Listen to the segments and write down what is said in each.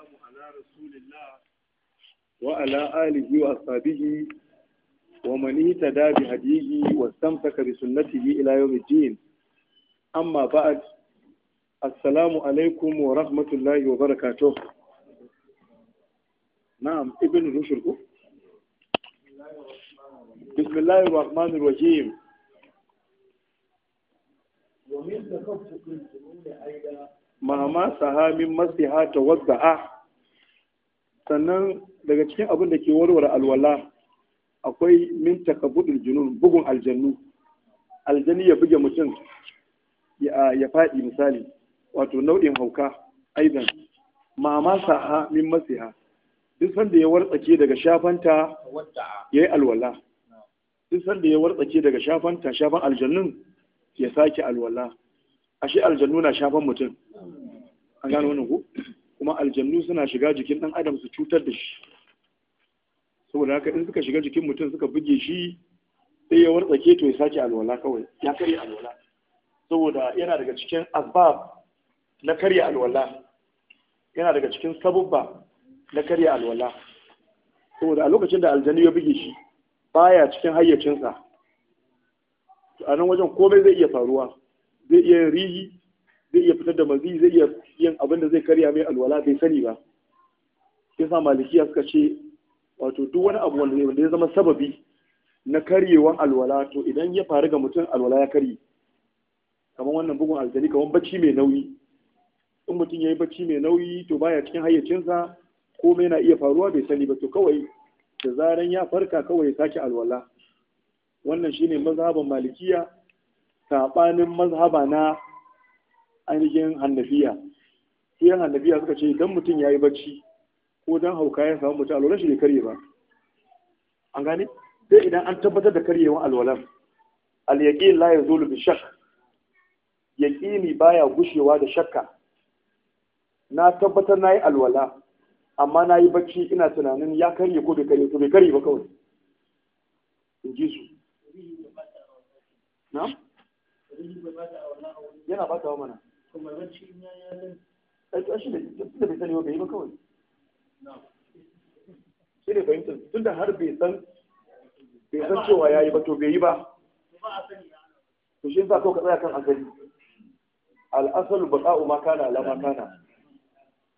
والسلام على رسول الله وعلى آله وأصحابه ومن اهتدى بهديه واستمسك بسنته إلى يوم الدين أما بعد السلام عليكم ورحمة الله وبركاته نعم ابن رشد بسم الله الرحمن الرحيم ومن تخفق الجنون أيضا مهما سها من مسها توضعه sannan daga cikin abin da ke warware alwala akwai min takabudul junun bugun aljannu aljani ya buge mutum ya faɗi misali wato nau'in hauka aidan mama saha min masiha duk sanda ya wartsake daga shafanta yayi alwala duk sanda ya wartsake daga shafanta shafan aljannun ya sake alwala ashe aljannu na shafan mutum an gano wannan ko kuma aljannu suna shiga jikin ɗan adam su cutar da shi saboda haka in suka shiga jikin mutum suka buge shi sai ya wartsake to ya sake alwala kawai ya karya alwala saboda yana daga cikin asbab na karya alwala yana daga cikin sabubba na karya alwala saboda a lokacin da aljanu ya buge shi baya cikin hayyacinsa a nan wajen komai zai iya faruwa zai iya rihi zai iya fitar da mazi zai iya yin abin da zai karya mai alwala bai sani ba Yasa sa malikiya suka ce wato duk wani abu wanda ya zama sababi na karyewan alwala to idan ya faru ga mutum alwala ya karye kamar wannan bugun aljani kamar bacci mai nauyi in mutum ya yi bacci mai nauyi to baya cikin hayyacinsa mai na iya faruwa bai sani ba to kawai da zaran ya farka kawai ya sake alwala wannan shine mazhaban malikiya sabanin mazhaba na ainihin hannafiya su yan hannafiya suka ce idan mutum ya yi bacci ko don hauka ya samu mutum alwalar shi ne karye ba an gane sai idan an tabbatar da karyewan alwalar al-yaqin la yazulu bi shak. Yaƙini baya gushewa da shakka na tabbatar na yi alwala amma na yi bacci ina tunanin ya karye ko bai karye ko bai karye ba kawai in ji su na? yana ba ta wa mana kuma bacci ya ya lan ai to shi ne tunda bai sani ba bai ba kawai shi ne fahimtar tunda har bai san bai san cewa ya yi ba to bai yi ba to shi yasa kawai ka tsaya kan asali al'asalu baqa'u ma kana la ma kana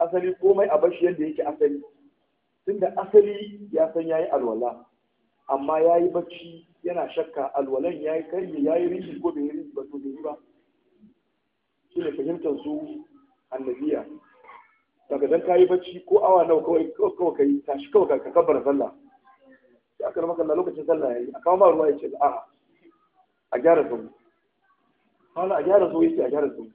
asali komai a bashi yadda yake asali tunda asali ya san yayi alwala amma yayi bacci yana shakka alwalan yayi karye yayi rishi ko bai yi ba to bai yi ba shi ne fahimtar su annabiya daga dan kayi bacci ko awa nawa kawai kawai kai tashi kawai ka kabbara sallah sai aka maka na lokacin sallah yayi a kawo ma ruwa yace a a gyara su kana a gyara su yace a gyara su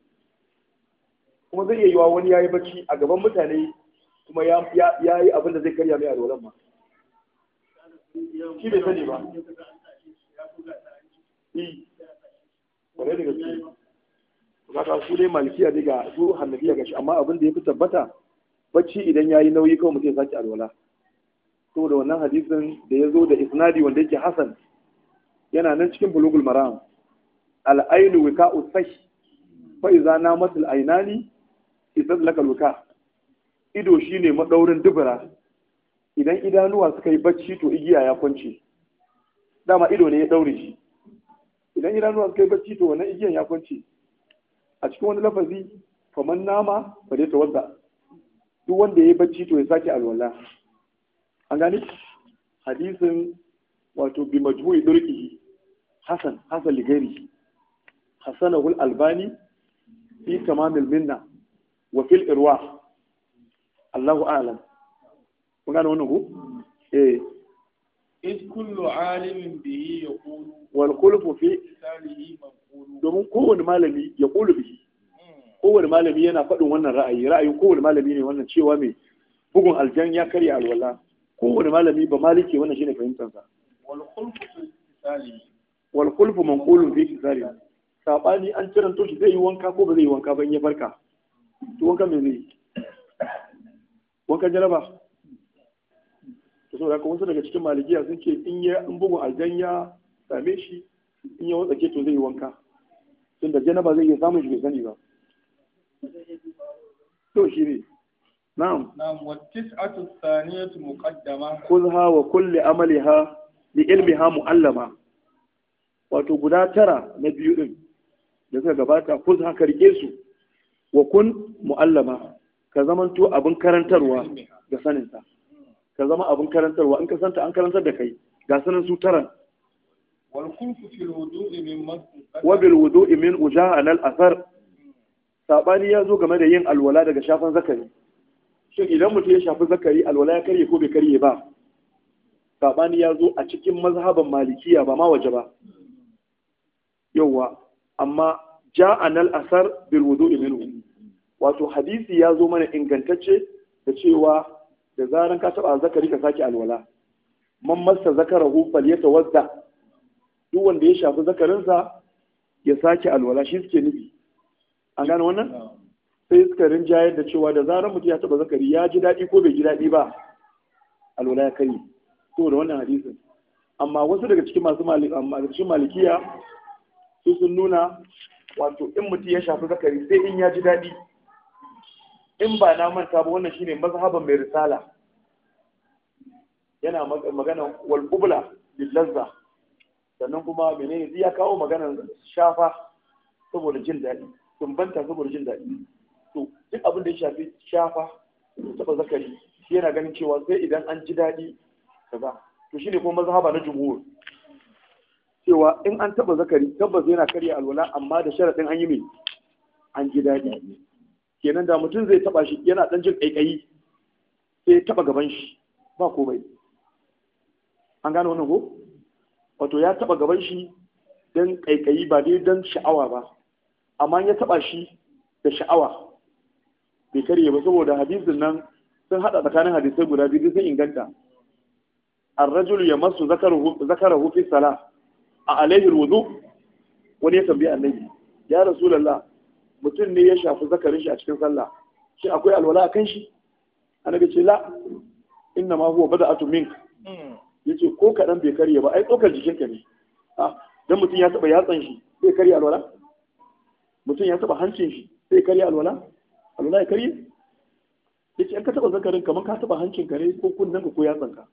kuma zai iya yiwa wani yayi bacci a gaban mutane kuma ya ya yi abin da zai karya mai alwalan ma shi bai sani ba eh kwarai da gaske kaga su dai malikiya ne ga su hannabiya gashi amma abin da ya fi tabbata bacci idan ya yi nauyi kawai mutum sake alwala saboda wannan hadisin da ya zo da isnadi wanda yake hasan yana nan cikin bulugul maram al'ainu wika usai fa iza na matul ainani idan laka wika ido shine madaurin dubura idan idanuwa suka yi bacci to igiya ya kwance dama ido ne ya daure shi idan idanuwa suka yi bacci to wannan igiyan ya kwance a cikin wani lafazi faman nama fa dai wadda duk wanda ya yi bacci to ya sake alwala an gani hadisin wato bi majmu'i durqihi hasan hasan ligari hasanahu al-albani fi tamamil minna wa fil irwa Allahu a'lam kun gane wannan ku eh إذ كل عالم به يقول والخلف في مثاله منقول domin kowane malami ya kulu bihi kowane malami yana faɗin wannan ra'ayi ra'ayin kowane malami ne wannan cewa mai bugun aljan ya karya alwala kowane malami ba maliki wannan shine fahimtar sa wal khulfu fi kisali wal khulfu manqulun fi sabani an tiranto shi zai yi wanka ko ba zai yi wanka ba in ya barka. to wanka me zai yi wankan jaraba da sauran kuma wasu daga cikin malikiya sun ce in ya bugu bugun aljan ya same shi in ya watsake to zai yi wanka tun da janaba zai iya samun shi bai sani ba to shi ne na'am na'am wa tis'atu thaniyatu muqaddama kulha wa kulli amaliha li ilmiha mu'allama wato guda tara na biyu din da suka gabata kulha haka rike su wa kun mu'allama ka zamanto abin karantarwa ga saninsa. ka zama abin karantarwa in ka santa an karantar da kai ga sanin su taran wabil wudu'i min ujahan al asar. sabani ya zo game da yin alwala daga shafan zakari shin idan mutum ya shafi zakari alwala ya karye ko bai karye ba sabani ya zo a cikin mazhaban malikiya ba ma waje ba Yawwa, amma ja a athar bil wudu imin wato hadisi ya zo mana ingantacce da cewa da zaran ka taba zakari ka sake alwala man masa fal yatawadda duk wanda ya shafi zakarinsa ya sake alwala shi suke nufi an gane wannan sai suka rinja da cewa da zaran mutum ya taba zakari ya ji daɗi ko bai ji daɗi ba alwala ya kai to da wannan hadisin amma wasu daga cikin masu malikiya su sun nuna wato in mutum ya shafi zakari sai in ya ji daɗi in ba na manta ba wannan shine mazhaban mai risala yana magana wal qubla bil lazza sannan kuma menene zai ya kawo magana shafa saboda jin daɗi tumbanta saboda jin daɗi to duk abin da ya shafi shafa saboda zakari shi yana ganin cewa sai idan an ji daɗi kaza to shine kuma mazhaba na jumhur cewa in an taba zakari tabbas yana karya alwala amma da sharadin an yi mai an ji daɗi kenan da mutum zai taba shi yana dan jin kaikayi sai ya taba gaban shi ba komai an gane wannan ko wato ya taba gaban shi dan kaikayi ba dai dan sha'awa ba amma ya taba shi da sha'awa bai kare ba saboda hadisin nan sun hada tsakanin hadisai guda biyu sun inganta الرجل يمس ذكره ذكره في الصلاه عليه الوضوء wani ya tambayi annabi ya rasulullah mutum ne ya shafi zakarin shi a cikin sallah shi akwai alwala a kan shi annabi ce la inna ma huwa bada atu mink hmm. yace ko kadan bai karye ba ai tsokar jikinka ne ah, dan mutum ya taba yatsan shi sai karye alwala mutum ya taba hancin shi sai karye alwala alwala ya karye yace an ka taba zakarin kamar ka taba hancin ka ne ko kunnen ka ko yatsan ka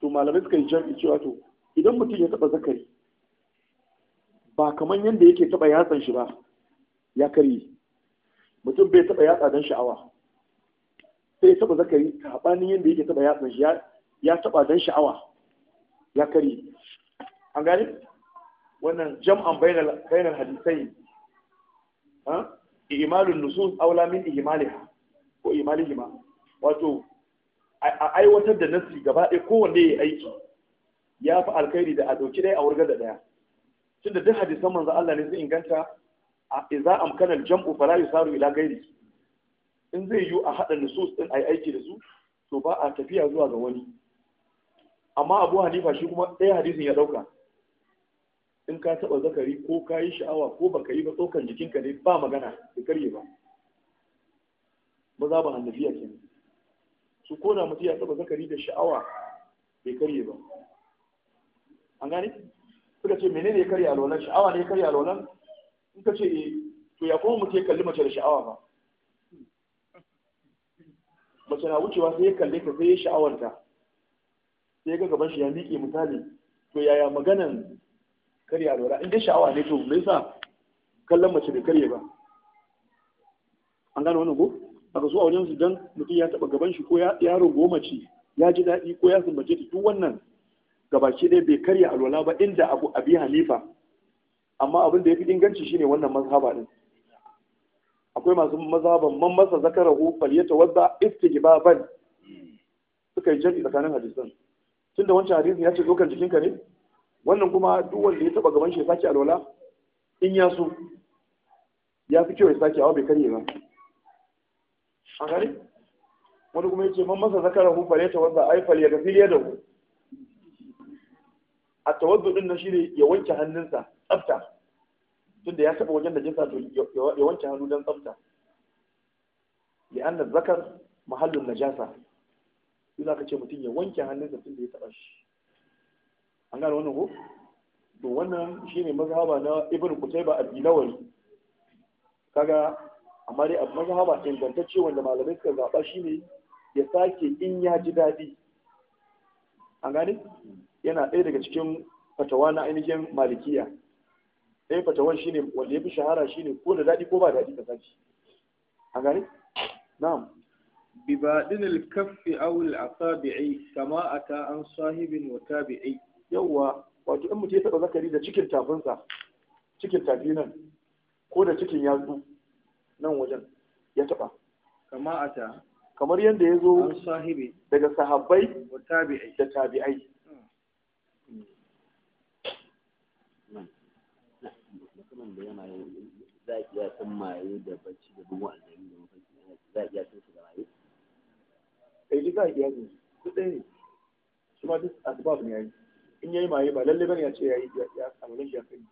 to malamai suka yi jami'i cewa to idan mutum ya taba zakari ba kamar yadda yake taɓa yatsan shi ba ya karye mutum bai taɓa yatsa don sha'awa sai ya taba zakari saɓanin yadda yake taɓa yatsan shi ya taɓa don sha'awa ya karye an gani wannan jam'an bainar hadisai imalin nusus Aulamin, min ihmaliha ko imalihima wato a aiwatar da nasi gaba ɗaya kowanne ya yi aiki ya fi alkhairi da a ɗauki ɗaya a wurgar da ɗaya tunda duk hadisan manzo Allah ne zai inganta a idza amkana al-jam'u fala yusaru ila ghairi in zai yu a hada nusus din ai aiki da su to ba a tafiya zuwa ga wani amma Abu Hanifa shi kuma ɗaya hadisin ya dauka in ka taba zakari ko ka yi sha'awa ko baka yi ba tsokan jikinka ne ba magana da karye ba maza ba hannafiya ke su ko da mutum ya taba zakari da sha'awa bai karye ba an gane suka ce menene ya karya lolan sha'awa ne ya karya lolan in ka ce eh, to ya kuma mutu ya kalli mace da sha'awa ba mace na wucewa sai ya kalle ka sai ya sha'awarta sai ya ga gaban shi ya miƙe misali to yaya maganan karya lola in dai sha'awa ne to me yasa kallon mace bai karye ba an gane wannan ko aka so a wajen su dan mutum ya taba gaban shi ko ya goma mace ya ji daɗi ko ya sumbace ta duk wannan gabaki ɗaya bai karya alwala ba inda abu abi halifa amma abin da ya fi inganci shine wannan mazhaba din akwai masu mazhaban man masa zakarahu fal yatawadda istighbaban suka yi jami'i tsakanin hadisan tunda wancan hadisi ya ce dokar jikinka ne wannan kuma duk wanda ya taba gaban shi ya sake alwala in ya so ya fi kyau ya sake awa bai karye ba a gari wani kuma ya ce man masa zakarahu fal yatawadda ai fal filiya da a tawaddu din na shine ya wanke hannunsa tsafta tunda ya taba wajen da jinsa to ya wanke hannu dan tsafta li anna zakar mahallun najasa idan ka ce mutum ya wanke hannunsa tunda ya taba shi an gane wannan ko to wannan shine mazhaba na ibn qutayba al-bilawari kaga amma dai abu mazhaba ingantacce wanda malamai suka zaba shine ya sake in ya ji daɗi an gane yana ɗaya daga cikin fatawa na ainihin malikiya ɗaya fatawan shine wanda ya fi shahara shine ko da daɗi ko ba daɗi ka zaci a gani na'am bi badinil kaffi aw al asabi'i kama ata an sahibin wa tabi'i yawa wato in mutum ya taba zakari da cikin tafinsa cikin tafi nan ko da cikin yatsu nan wajen ya taba kama ata kamar yadda ya zo daga sahabbai da tabi'ai da yana yi za ki ya san maye da bacci da duk wa'anda wa'annan da mafarki yana za ki ya san su da maye eh, kai ji za ki ya san su ɗaya ne su ma duk asbab ne yayi in yayi maye ba lalle bane ya ce yayi ya amalan shi ya kai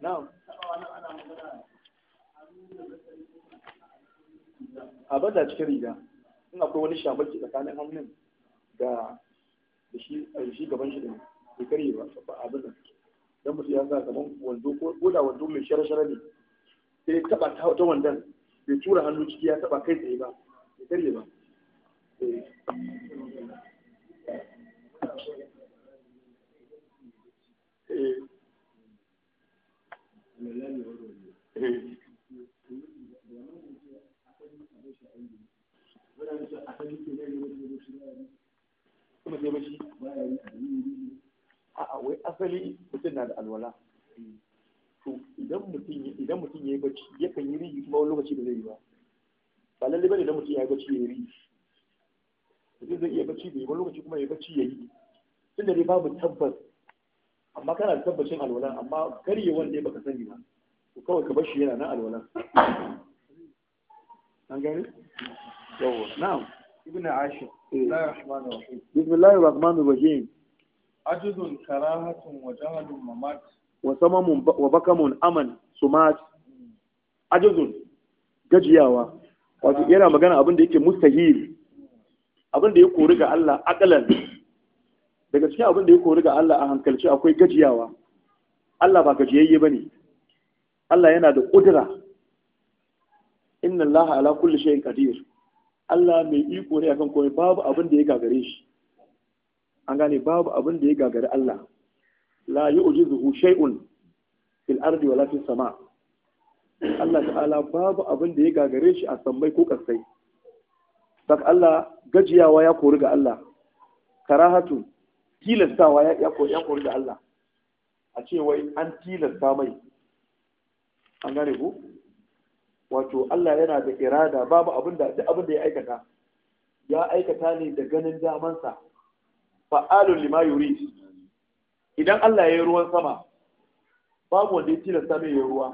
na'am a bada cikin riga in akwai wani shamaki tsakanin hannun da shi gaban shi da ne bai karye ba ba abin nan dan mutum ya sa kaman wando ko da wando mai shara-shara ne sai taba ta wata wandan bai tura hannu ciki ya taba kai tsaye ba bai karye ba Kuma sai bashi? a'a wai asali mutum na da alwala to idan mutum idan mutum yayi ya kan yi rigi kuma wani lokaci ba zai yi ba ba lalle bane idan mutum yayi bacci yi rigi mutum zai iya bacci bai wani lokaci kuma ya yayi bacci yi. tunda dai babu tabbas amma kana da tabbacin alwala amma karye wanda baka sani ba to kawai ka bar shi yana nan alwala an gani yawwa na'am ibnu ashir eh. bismillahir rahmanir rahim ajizun karahatun wa jahalun mamat wa samamun wa bakamun aman sumat ajizun gajiyawa wato yana magana abin da yake mustahil abin da ya kori ga Allah akalan daga cikin abin da ya kori ga Allah a hankalci akwai gajiyawa Allah ba gajiyayye bane Allah yana da kudura inna Allah ala kulli shay'in qadir Allah mai iko ne akan komai babu abin da ya gagare shi an gane babu abin da ya gagari Allah la zuhu shay'un fil ardi wala fis sama Allah ta'ala babu abin da ya gagare shi a sammai ko kasai sak Allah gajiyawa ya kori ga Allah karahatu tilastawa ya kori ga Allah a ce wai an tilasta mai an gane ku wato Allah yana da irada babu abin da abin da ya aikata ya aikata ne da ganin damansa fa'alun lima yuri idan Allah ya yi ruwan sama babu wanda ya tilasta mai ya ruwa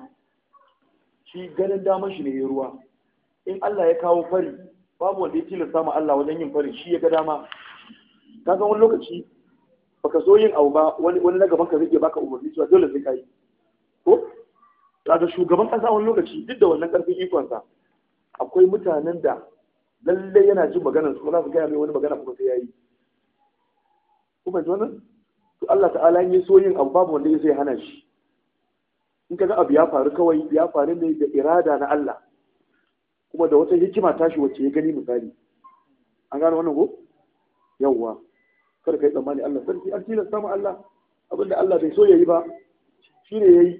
shi ganin damar shi ne ya ruwa in Allah ya kawo fari babu wanda ya tilasta ma Allah wajen yin fari shi ya ga dama ka san wani lokaci baka so yin abu ba wani na gaban ka zai baka umarni cewa dole sai kai ko daga shugaban kasa wani lokaci duk da wannan karfin ikonsa akwai mutanen da lallai yana jin maganar su ba za su gaya mai wani magana kuma sai yayi ku fahimci wannan to Allah ta'ala ya so yin abu babu wanda zai hana shi in kaga abu ya faru kawai ya faru ne da irada na Allah kuma da wata hikima tashi wacce ya gani misali an gano wannan ko yawwa kada kai tsammani Allah sarki an tilasta samu Allah abinda Allah bai so yayi ba shine yayi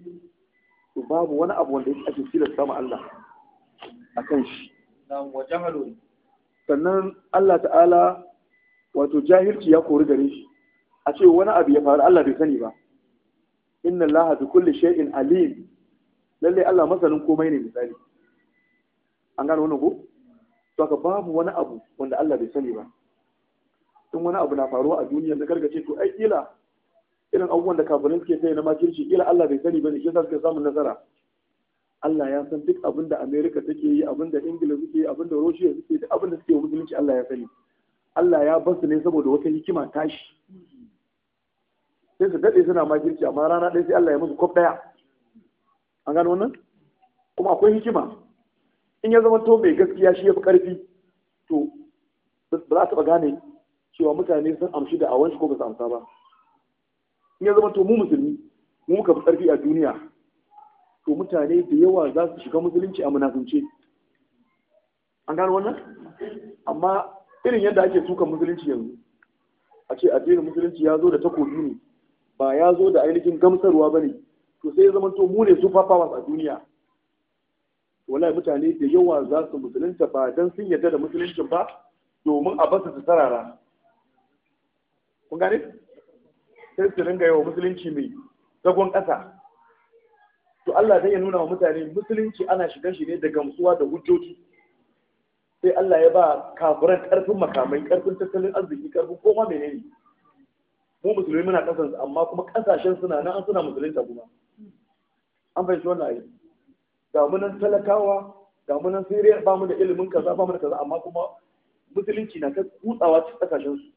to babu wani abu wanda ake tilasta samu Allah akan shi nan wajahalun sannan Allah ta'ala wato jahilci ya kori gare shi a ce wani abu ya faru Allah bai sani ba inna Allah bi kulli shay'in alim lalle Allah masanin komai ne misali an gano wannan ko to ka babu wani abu wanda Allah bai sani ba in wani abu na faruwa a duniya na gargace to ai kila irin abubuwan da kafirin suke sai na makirci kila Allah bai sani ba ne kisa suke samun nasara Allah ya san duk abin da America take yi abin da Ingila suke yi abin da Russia suke duk abin da suke yi, musulunci Allah ya sani Allah ya basu ne saboda wata hikima tashi sai su daɗe suna makirci amma rana ɗaya sai Allah ya musu kwaf ɗaya an gano wannan kuma akwai hikima in ya zama to mai gaskiya shi ya fi ƙarfi to ba za a taɓa gane cewa mutane sun amshi da awon ko ba su amsa ba in ya zama to mu musulmi mu muka fi ƙarfi a duniya to mutane da yawa za su shiga musulunci a munafunce an gano wannan amma irin yadda ake tukan musulunci yanzu a ce addinin musulunci ya zo da takobi ne ba ya zo da ainihin gamsarwa ba ne to sai ya to mu ne super powers a duniya wallahi mutane da yawa za su musulunta ba don sun yarda da musuluncin ba domin a basu su sarara kun gane sai su ringa yawa musulunci mai zagon ƙasa to Allah zai ya nuna wa mutane musulunci ana shiga shi ne da gamsuwa da hujjoji sai Allah ya ba kafiran ƙarfin makamai ƙarfin tattalin arziki ƙarfin koma menene mu musulmi muna kasan amma kuma kasashen suna nan an suna musulunta kuma an fahimci wannan ayi ga mu nan talakawa ga mu nan siriyar ba mu da ilimin kaza ba mu da kaza amma kuma musulunci na ta kutsawa cikin kasashen su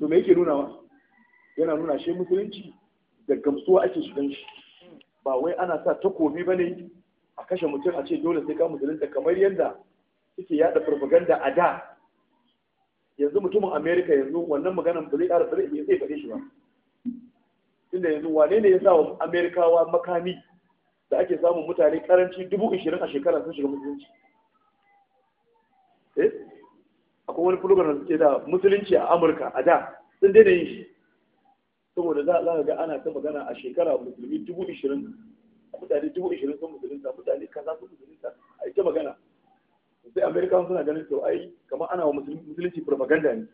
to me yake nuna wa yana nuna shi musulunci da gamsuwa ake shigan shi ba wai ana sa takobi ba ne a kashe mutum a ce dole sai ka musulunta kamar yadda suke yada farfaganda a da yanzu mutumin Amerika yanzu wannan maganan ba zai ƙara ba zai faɗe shi ba inda yanzu wane ne ya sa wa amerikawa makami da ake samun mutane karanci dubu ishirin a shekara sun shiga musulunci eh akwai wani program da suke da musulunci a amurka a da sun daina yin shi saboda za a ga ana ta magana a shekara musulmi dubu ishirin mutane dubu ishirin sun musulunta mutane kaza sun musulunta a ita magana sai Amerika suna ganin to ai kamar ana wa musulunci propaganda ne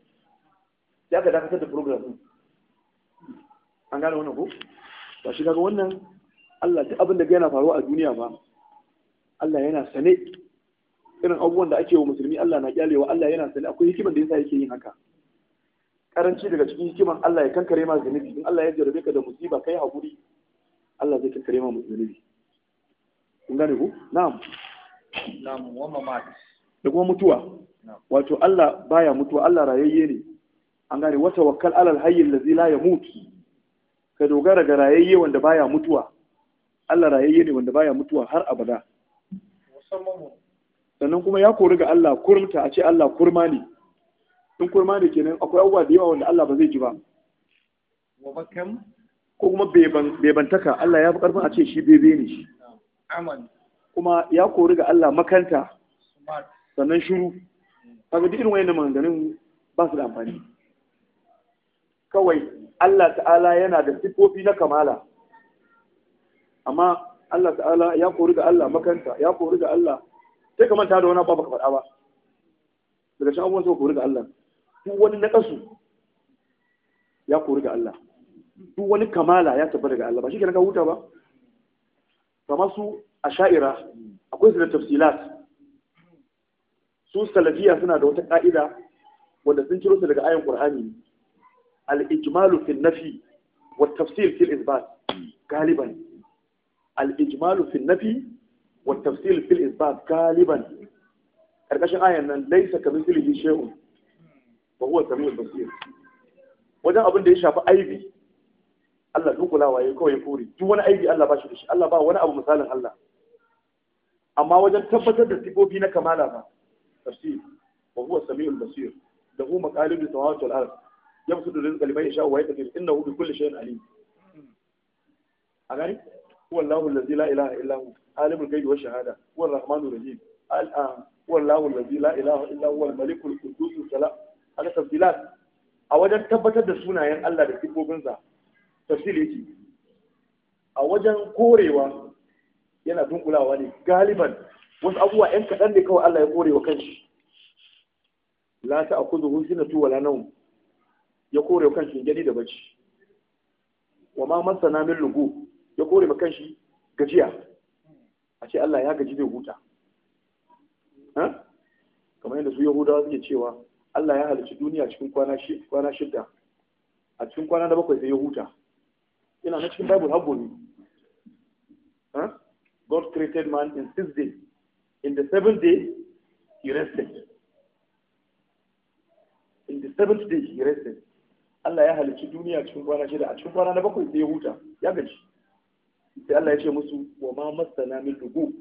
Ya ka dakatar da program din an gane wannan ko ba shi kaga wannan Allah duk abin da yana faruwa a duniya ba Allah yana sane irin abubuwan da ake wa musulmi Allah na kyalewa Allah yana sane akwai hikimar da yasa yake yin haka karanci daga cikin hikiman Allah ya kankare ma zunubi in Allah ya jarabe ka da musiba kai hakuri Allah zai kankare ma zunubi kun gane ku na'am da kuma mutuwa wato Allah baya mutuwa Allah rayayye ne an gane wata wakal alal hayyin lazi la ya mutu ka dogara ga rayayye wanda baya mutuwa Allah rayayye ne wanda baya mutuwa har abada sannan kuma ya kori ga Allah kurmta a ce Allah kurma ne in kurma ne kenan akwai abubuwa da yawa wanda Allah ba zai ji ba ko kuma bebantaka Allah ya fi karfin a ce shi bebe ne shi kuma ya kori ga Allah makanta sannan shiru kaga duk irin wayannan maganganun ba su da amfani kawai Allah ta'ala yana da sifofi na kamala amma Allah ta'ala ya kori ga Allah makanta ya kori ga Allah sai ka manta da wani abu baka faɗa ba daga shi abubuwan sai kori ga Allah duk wani naƙasu ya kori ga Allah duk wani kamala ya tabbata ga Allah ba shi kenan ka huta ba kamar su asha'ira akwai su da tafsilat su salafiya suna da wata ka'ida wanda sun ciro su daga ayan qur'ani al-ijmalu fil nafi wa tafsil fil isbat galiban al-ijmalu fil nafi wa tafsil fil isbat galiban karkashin ayan nan laysa kamithlihi shay'un wa huwa samiul basir wajen abin da ya shafi aibi Allah dukulawa ya kawai kore duk wani aibi Allah ba shi da shi Allah ba wani abu misalin Allah amma wajen tabbatar da sifofi na kamala ba tafsir wa huwa samiul basir da hu maqalib samawati wal ard da rizqa liman yasha wa yaqdir innahu bi kulli shay'in alim a gani huwa allahu allazi la ilaha illa hu alimul ghaibi wash shahada huwa arrahmanur rahim ah, huwa allahu allazi la ilaha illa hu al-malikul qudus salam haka tafsilat a wajen tabbatar da sunayen Allah da sifofinsa tafsir yake a wajen korewa yana dunkulawa ne galiban wasu abubuwa yan kaɗan ne kawai Allah ya kore wa kanshi la ta akuzu sinatu wala lanau, ya kore wa kanshi gani da bacci wa ma masana min lugu ya kore wa kanshi gajiya a ce Allah ya gaji zai huta kamar yadda su yahudawa suke cewa Allah ya halicci duniya cikin kwana shidda a cikin kwana na bakwai sai ya huta ina na cikin bible har gobe God created man in six days. In the seventh day, he rested. In the seventh day, he rested. Allah ya halicci duniya cikin kwana shida a cikin kwana na bakwai sai ya huta ya gaji sai Allah ya ce musu wa ma masana min lugu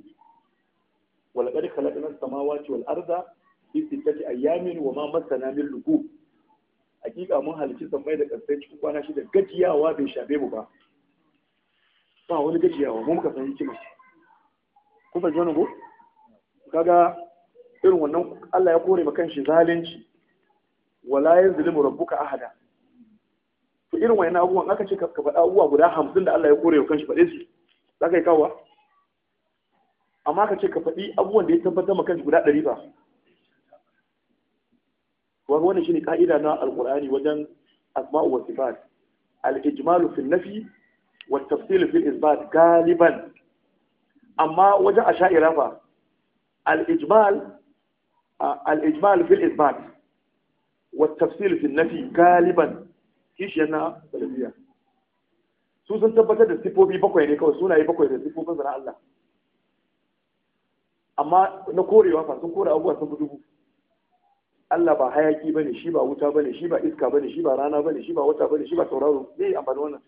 wa qad khalaqna samawati wal arda fi sittati ayyamin wa ma masana min lugu hakika mun halicci sammai da kasance cikin kwana shida gajiyawa bai shafe mu ba ba wani gajiyawa mun ka san hikima kun fahimci wannan kaga irin wannan Allah ya kore maka shi zalunci wala yazlimu rabbuka ahada to irin wani abubuwan aka ce ka faɗa abubuwa guda hamsin da Allah ya kore maka shi faɗe su za ka yi kawo amma ka ce ka faɗi abubuwan da ya tabbatar maka shi guda ɗari ba wa wannan shine ka'ida na alqur'ani wajen asma'u wa sifat al-ijmalu fi nafi wa at-tafsil fi isbat galiban amma wajen a sha'ira ba, al’ijmal al-ijmal fil isbat wa Tafsir fil nafi galiban kishiyar na salafiya su sun tabbatar da sifofi bakwai ne kawai sunaye bakwai da sifofin zana Allah amma na korewa fa sun kore abubuwa sun dubu Allah ba hayaki bane shi ba wuta bane shi ba iska bane shi ba rana bane shi ba wata bane shi ba sauraro. ne amfani wannan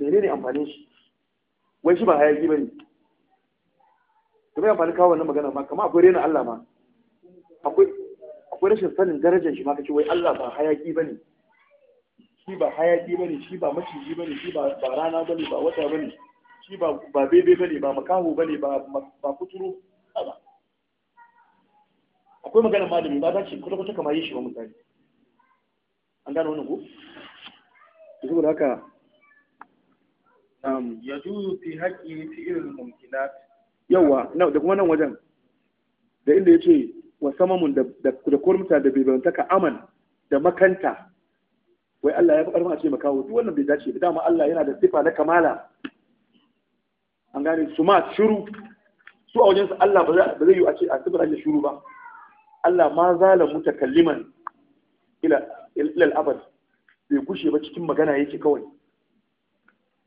menene amfanin shi wai shi ba hayaki ne kuma ya amfani kawo wannan magana ma kamar akwai rena Allah ma akwai akwai rashin sanin darajar shi ma kace wai Allah ba hayaki bane shi ba hayaki bane shi ba maciji bane shi ba ba rana bane ba wata bane shi ba ba bebe bane ba makaho bane ba ba kuturu akwai magana malami ba za ce kwata kwata kamar yi shi ba mutane an gane wannan ko saboda haka na'am yajuzu fi haqqi fi ilal mumkinat yawa na da kuma nan wajen da inda yace wa samamun da da kurmuta da bibantaka aman da makanta wai Allah ya fi karfin a ce makawo duk wannan bai dace ba dama Allah yana da sifa na kamala an gane su ma shiru. su a wajen su Allah ba zai yi a ce a sifa da shiru ba Allah ma zala mutakalliman ila ila al-abad bai kushe ba cikin magana yake kawai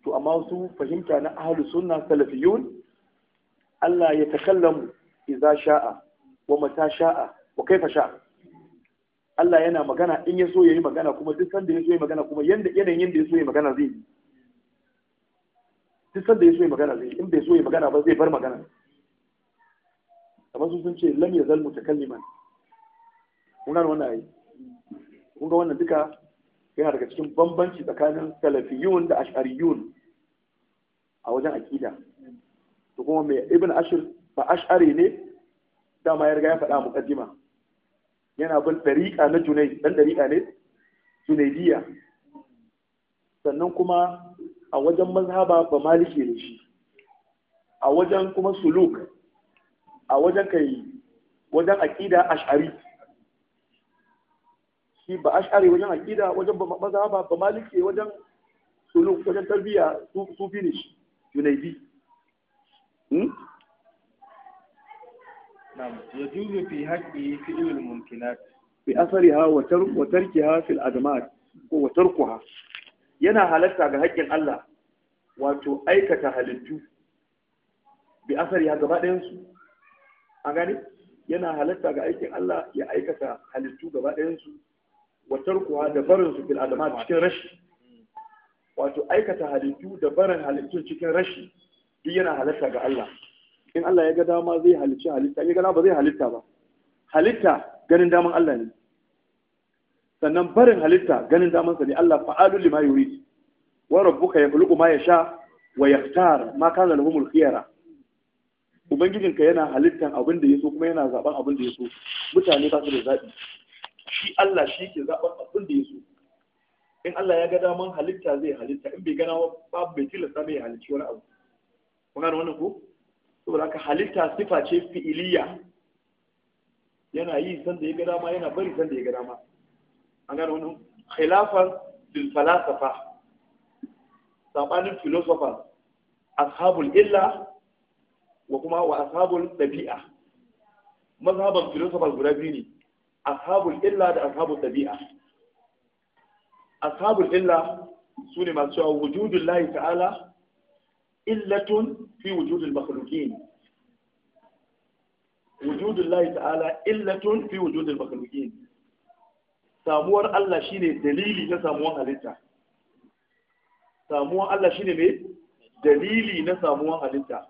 to amma su fahimta na ahlus sunna salafiyun Allah ya takallamu idza sha'a wa mata sha'a wa kaifa sha'a Allah yana magana in ya so yayi magana kuma duk sanda ya so yayi magana kuma yanda yanayin yanda ya so yayi magana zai duk sanda ya so yayi magana zai in bai so yayi magana ba zai bar magana Amma su sun ce lam yazal mutakalliman kun gano wannan ai kun ga wannan duka yana daga cikin bambanci tsakanin salafiyun da ash'ariyun a wajen aƙida to kuma mai ibn ashir ba ash'ari ne dama ya riga ya faɗa muqaddima yana bin dariqa na junay dan dariqa ne junaydiya sannan kuma a wajen mazhaba ba maliki ne shi a wajen kuma suluk a wajen kai wajen aƙida ash'ari shi ba ash'ari wajen aqida wajen ba mazhaba ba maliki wajen sulu wajen tarbiya su finish junaidi hmm nam tarbiyya sufi ne shi junaibi نعم يجوز في حقه فعل الممكنات بأثرها وترك وتركها في wa tarkuha yana halatta ga haƙƙin Allah wato aikata halittu bi asari ha gaba ɗayan su an gani yana halatta ga aikin Allah ya aikata halittu gaba ɗayan su wa tarkuha da barin su fil adama cikin rashi wato aikata halittu da barin halittu cikin rashi duk yana halitta ga Allah in Allah ya ga dama zai halicci halitta ya ga ba zai halitta ba halitta ganin daman Allah ne sannan barin halitta ganin daman sa ne Allah fa'alu lima yuri wa rabbuka yakhluqu ma yasha wa yaktar ma kana al khiyara ubangijinka yana halittan abin da yaso kuma yana zaben abin da yaso mutane ba su da zabi shi Allah shi ke zaɓar abin da ya so in Allah ya ga daman halitta zai halitta in bai gana babu bai tilasta mai halicci wani abu Kuna da wannan ko saboda haka halitta sifa ce fi'iliya yana yi san da ya ga dama yana bari san da ya ga dama an gane wannan khilafan lil falasafa sabanin philosophers ashabul illa wa kuma wa ashabul dabi'a mazhaban philosophers guda biyu ne ashabul illa da ashabul dabi'a ashabul illa sune masu cewa wujudul layi ta'ala illatun fi wujudul makhluqin wujudul layi ta'ala illatun fi wujudul makhluqin samuwar Allah shine dalili na samuwar halitta samuwar Allah shine me dalili na samuwar halitta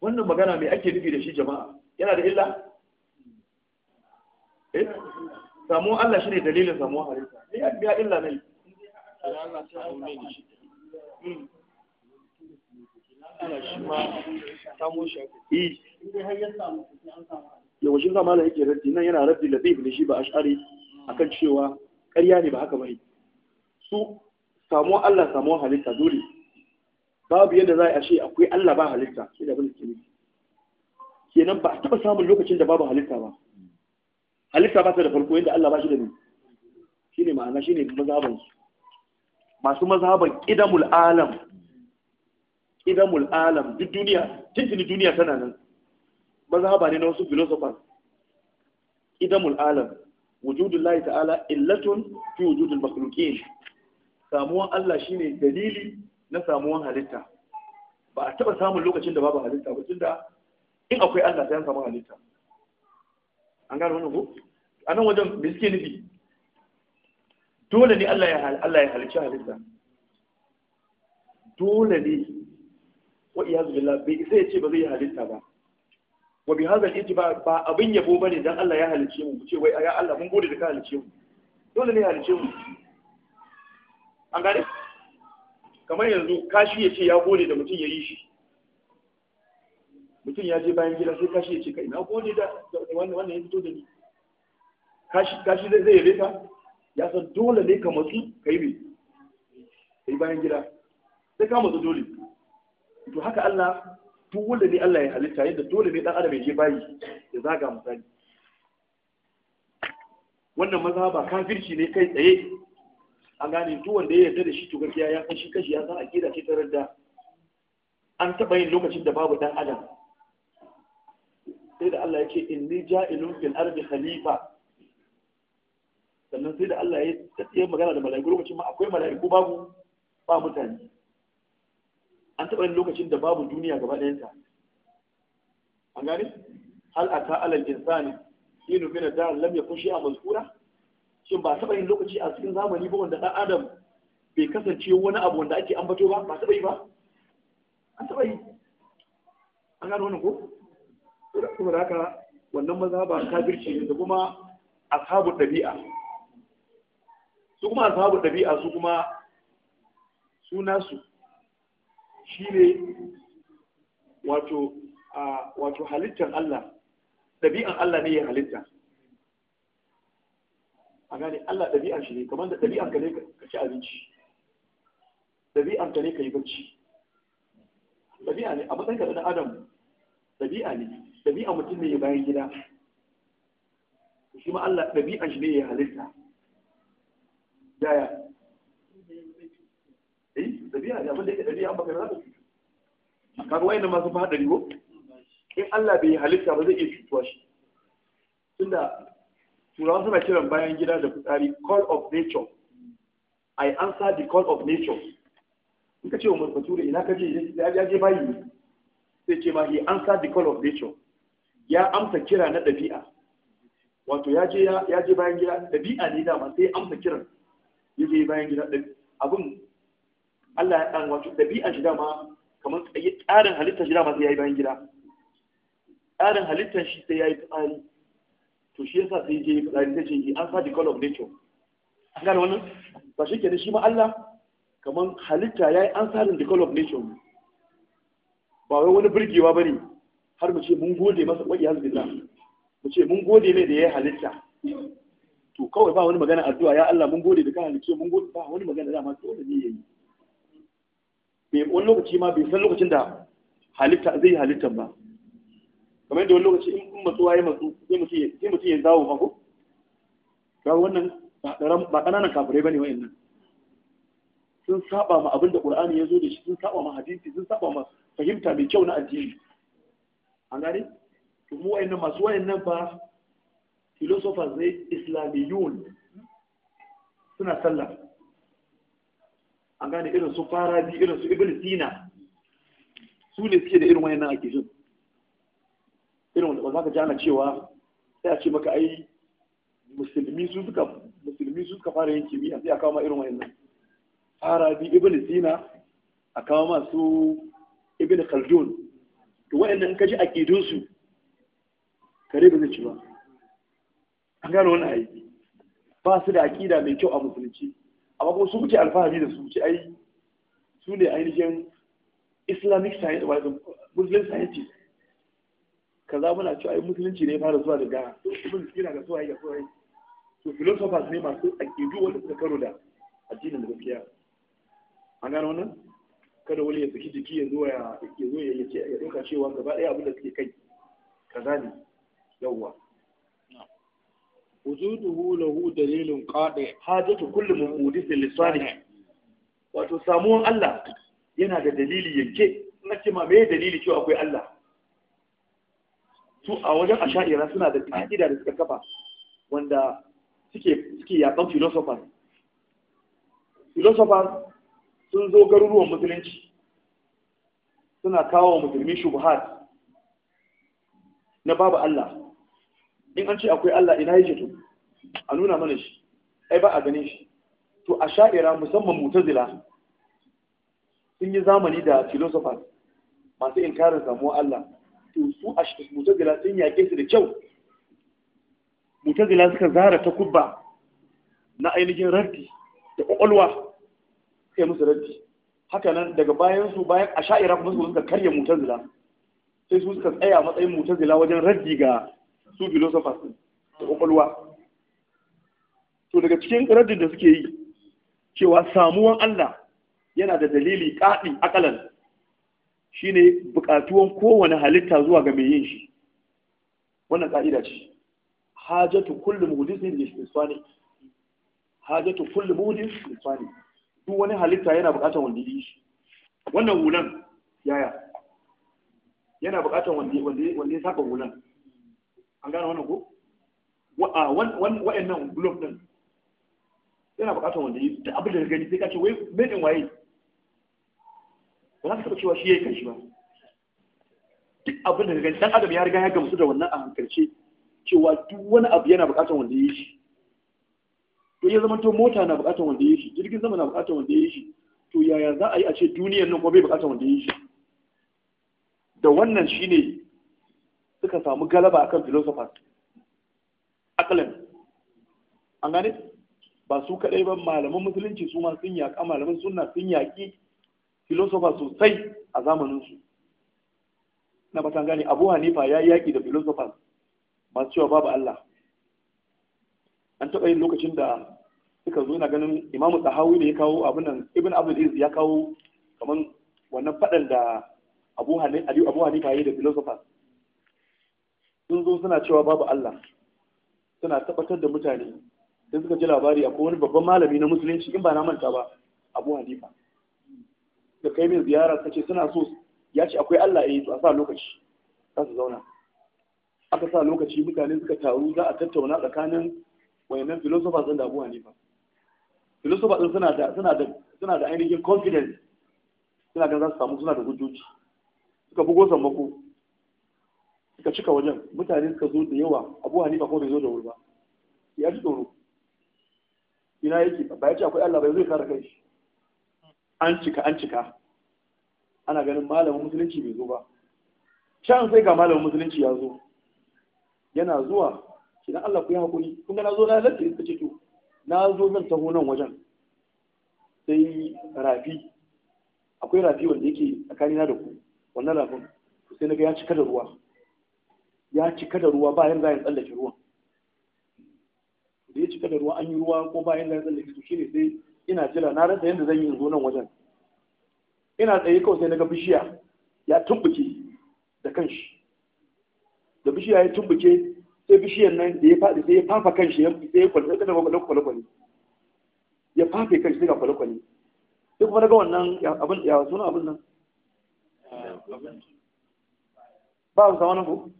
wannan magana mai ake nufi da shi jama'a yana da illa eh samu Allah shi ne dalilin samu halitta ne ya biya illa nai Allah ta aune ne shi Allah shi ma samu shi eh in har ya samu sai an samu yawa shi zama yake raddi nan yana raddi da ne shi ba A kan cewa ƙarya ne ba haka bane su samu Allah samu halitta dole babu yadda za a ce akwai Allah ba halitta shi da bin kenan ba a taɓa samun lokacin da babu halitta ba halitta ba ta da farko yadda Allah ba shi da ni ne ma'ana shi ne su masu mazhaban idamul alam idamul alam duk duniya tintini duniya tana nan mazhaba ne na wasu filosofan idamul alam wujudullahi ta'ala illatun fi wujudun makulukin. samuwan Allah shi ne dalili na samuwan halitta ba a taba samun lokacin da babu halitta ba da in akwai Allah sai an samu halitta an gano wani ko a nan wajen me suke nufi dole ne Allah ya halicci halitta dole ne wa iya billah bai isa ya ce ba zai yi halitta ba wa bi hazar iji ba abin yabo ba ne don Allah ya halicce mu ce wai ya Allah mun gode da ka halicce mu dole ne ya halice mu an gane kamar yanzu kashi ya ce ya gode da mutum ya yi shi mutum ya je bayan gida sai kashi ya ce kai na gode da wannan ya fito da ni kashi zai zai rika ya san dole ne ka matsu ka yi kai bayan gida sai ka matsu dole to haka Allah dole wanda ne Allah ya halitta yadda dole ne dan adam ya je bayi ya zaga misali wannan maza ba kafirci ne kai tsaye an gane duk wanda ya yarda da shi to gaskiya ya san shi kashi ya san akida ce ta da an taba yin lokacin da babu dan adam sai da Allah ya ce ni ja'ilun fil ardi khalifa sannan sai da Allah ya yi magana da mala'iku lokacin ma akwai mala'iku babu ba mutane an taɓa yin lokacin da babu duniya gaba ɗayanta an gane hal ata alal insani inu bin da lam yakun shay'an mazkura shin ba taɓa yin lokaci a cikin zamani ba wanda ɗan adam bai kasance wani abu wanda ake ambato ba ba taɓa yi ba an taɓa yi an gane wannan ko da haka wannan mazhaba kafirci ne da kuma ashabu dabi'a su kuma ashabu dabi'a su kuma suna su shine wato a wato halittar Allah dabi'an Allah ne ya halitta a gane Allah dabi'an shi ne kamar da dabi'an ka ne ka ci abinci dabi'an ka ne ka yi bacci dabi'a ne a matsayin ka dan adam dabi'a ne ɗabi'a mutum ne ya bayan gida shi ma Allah ɗabi'an shi ne ya halitta yaya eh ɗabi'a ne abinda yake ɗabi'a an baka za ka cutu kaga wayannan masu fa hadari ko in Allah bai halitta ba zai iya cutuwa shi tunda turawa suna kiran bayan gida da fitsari call of nature i answer the call of nature in ka ce wa mutum ina ka je ya je bayi sai ce ma he answer the call of nature ya amsa kira na ɗabi'a wato ya je ya je bayan gida ɗabi'a ne dama sai ya amsa kiran ya je bayan gida abin Allah ya dan wato ɗabi'a shi dama kamar tsarin halitta shi dama sai ya yi bayan gida tsarin halittar shi sai ya yi fitsari to shi yasa sai je yi fitsari sai ce an sa the call of nature an gane wannan ba shi ke shi ma Allah kamar halitta ya yi an sa the call of nature ba wai wani birgewa ba ne har mu ce mun gode masa har hasbillah mu ce mun gode mai da ya halitta to kawai ba wani magana addu'a ya Allah mun gode da ka halitta mun gode ba wani magana da ma dole ne yayi bai wani lokaci ma bai san lokacin da halitta zai yi halittar ba kamar yadda wani lokaci in matsuwa ya matsu sai mutum ya zawo ba ko ga wannan ba ƙananan kafirai ba ne wa'in nan sun saba ma abin da ƙur'ani ya zo da shi sun saba ma hadisi sun saba ma fahimta mai kyau na addini an gane to mu wayannan masu wayannan ba zai ne islamiyun suna sallah an gane irin su bi irin su ibn sina su ne suke da irin wayannan ake jin irin wanda ba ka ji ana cewa sai a ce maka ai musulmi su suka musulmi su suka fara yin kimiyya sai a kawo ma irin fara bi ibn sina a kawo ma su ibn khaldun to waɗannan ka ji aƙidunsu kare ba zai ci ba an gano wani ayi. ba su da aƙida mai kyau a musulunci amma kuma su kuke alfahari da su ce ai su ne ainihin islamic science wato muslim scientist za muna cewa ai musulunci ne fara zuwa daga ibn sina ga suwaye ga suwaye to philosophers ne masu aƙidu wanda suka karo da addinin gaskiya an gano wannan kada wani ya saki jiki ya zo ya zo ya ce ya ɗauka cewa gaba ɗaya abin da suke kai kaza ne yawwa wujuduhu lahu dalilun qadi hajatu kulli mumudith lisani wato samuwan Allah yana da dalili yanke na ce ma me dalili cewa akwai Allah su a wajen asha'ira suna da ka'ida da suka kafa wanda suke suke yaban philosophers philosophers sun zo garuruwan musulunci suna kawo wa musulmi shubuhat na babu Allah in an ce akwai Allah ina yake to a nuna mana shi ai ba a ganin shi to a sha'ira musamman mutazila sun yi zamani da philosophers masu inkarin samuwa Allah to su a mutazila sun yaƙe su da kyau mutazila suka zara ta kubba na ainihin raddi da ƙwaƙwalwa suka yi musu raddi haka nan daga bayan su bayan a sha'ira kuma su suka karya mutazila sai su suka tsaya matsayin mutazila wajen raddi ga su philosophers da kwakwalwa to daga cikin raddin da suke yi cewa samuwan Allah yana da dalili ƙaɗi akalan shine buƙatuwan kowane halitta zuwa ga mai yin shi wannan ƙa'ida ce hajatu kullu muhdithin lisani hajatu kullu muhdithin lisani duk wani halitta yana buƙatar wanda ya yi shi wannan hulan yaya yana buƙatar wanda ya saka hulan an gane wannan ko wa'annan glove din yana buƙatar wanda ya da abin da gani sai ka ce wai made in waye ba za ka taɓa cewa shi ya yi kanshi ba duk abin da gani dan adam ya riga ya gamsu da wannan a hankalce cewa duk wani abu yana buƙatar wanda ya yi shi to ya zama mota na bukatar wanda ya shi jirgin sama na bukatar wanda ya shi to yaya za a yi a ce duniyar nan kuma bai bukatar wanda ya shi da wannan shine suka samu galaba akan philosophers akalin an gane ba su kadai ba malaman musulunci su ma sun yaƙa malaman sunna sun yaƙi philosophers sosai a zamaninsu na batan gane abu hanifa ya yaƙi da philosophers masu cewa babu Allah an taɓa yin lokacin da suka zo na ganin imamu tahawi ne ya kawo abin nan ibn abdul iz ya kawo kaman wannan fadan da abu hanifa abu hanifa yayi da philosophers sun zo suna cewa babu Allah suna tabbatar da mutane sai suka ji labari akwai wani babban malami na musulunci in ba na manta ba abu hanifa da kai min ziyara ta ce suna so ya ce akwai Allah ya eh, yi to a sa lokaci za su zauna aka sa lokaci mutane suka taru za a tattauna tsakanin wayannan philosophers da abu hanifa filosofa din suna da suna da suna da ainihin confidence suna ganin za su samu suna da hujjoji suka bugo sammako suka cika wajen mutane suka zo da yawa abu hanifa kuma bai zo da wuri ba ya ji tsoro ina yake ba ya ce akwai allah bai zai kare kai an cika an cika ana ganin malamin musulunci bai zo ba can sai ga malamin musulunci ya zo yana zuwa idan allah ku yi hakuri kun ga na zo na lantarki ta ce to na zo zan taho nan wajen sai rafi akwai rafi wanda yake tsakanina da ku wannan rafin sai naga ya cika da ruwa ya cika da ruwa bayan zayin tsallake ruwan da ya cika da ruwa an yi ruwa ko bayan zayin tsallake su shine sai ina jira na rasa yadda zan yi zo nan wajen ina tsaye kawai sai naga bishiya ya tumbuke da kanshi da bishiya ya tumbuke sai bishiyar nan da ya faɗi sai ya fafa kan shi sai ya kwalce kada kwalce kwalce ya fafe kan shi sai ga sai kuma daga wannan abin ya suna abin nan ba a samu nan ko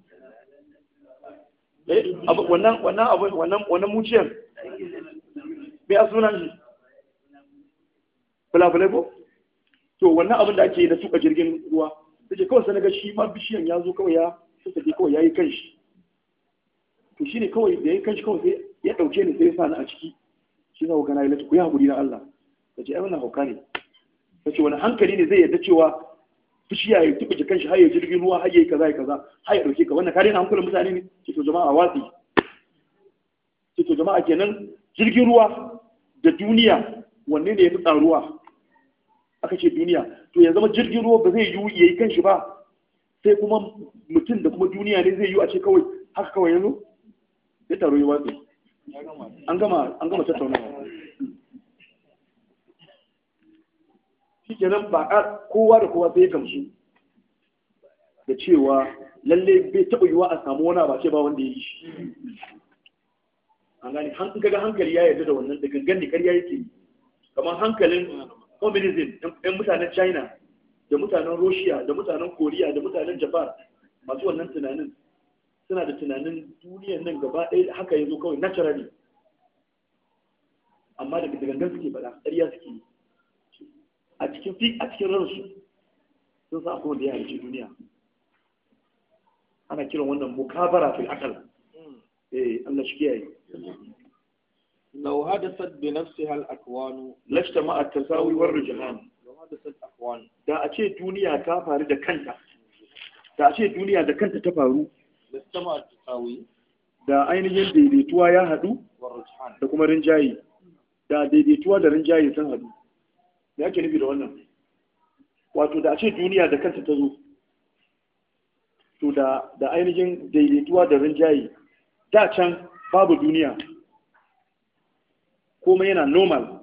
eh, wannan wannan abin wannan wannan muciyar me a sunan shi fulafulai ko to wannan abin da ake da suka jirgin ruwa ke kawai sanaga shi ma bishiyan ya zo kawai ya sai kawai ya yi kan shi to shi ne kawai da ya kashi kawai sai ya ɗauke ni sai ya sa ni a ciki shi na hukana ya lati ku yi haƙuri na Allah ta ce wannan hauka ne ta ce wani hankali ne zai yarda cewa bishiya ya tuɓe jikan shi har ya jirgin ruwa har ya kaza ya kaza har ya ɗauke ka wannan kare na hankulan mutane ne ce to jama'a watsi ce to jama'a kenan jirgin ruwa da duniya wanne ne ya fi tsaruwa aka ce duniya to ya zama jirgin ruwa ba zai yi ya yi kan shi ba sai kuma mutum da kuma duniya ne zai yi a ce kawai haka kawai yanzu ya taro yi watsi an gama an gama tattaunawa shikenan ba kowa da kowa sai gamsu da cewa lalle bai taɓa yiwa a samu wani abace ba wanda ya yi shi an gani an kaga hankali ya yarda da wannan da gangan ne karya yake yi kamar hankalin communism ɗan mutanen china da mutanen russia da mutanen korea da mutanen japan masu wannan tunanin suna da tunanin duniyan nan gaba ɗaya haka ya zo kawai naturally amma daga gangan suke faɗa ƙarya suke yi a cikin fi a cikin ransu sun sa akwai wanda ya halice duniya ana kiran wannan mukabara fil akal eh Allah shi kiyaye law hadathat bi nafsiha al akwanu lashtama at tasawi war rujhan da a ce duniya ta faru da kanta da a ce duniya da kanta ta faru da ainihin daidaituwa ya haɗu da kuma rinjaye da daidaituwa da rinjaye sun haɗu me yake nufi da wannan wato da a ce duniya da kanta ta zo to da ainihin daidaituwa da rinjaye da can babu duniya komai yana normal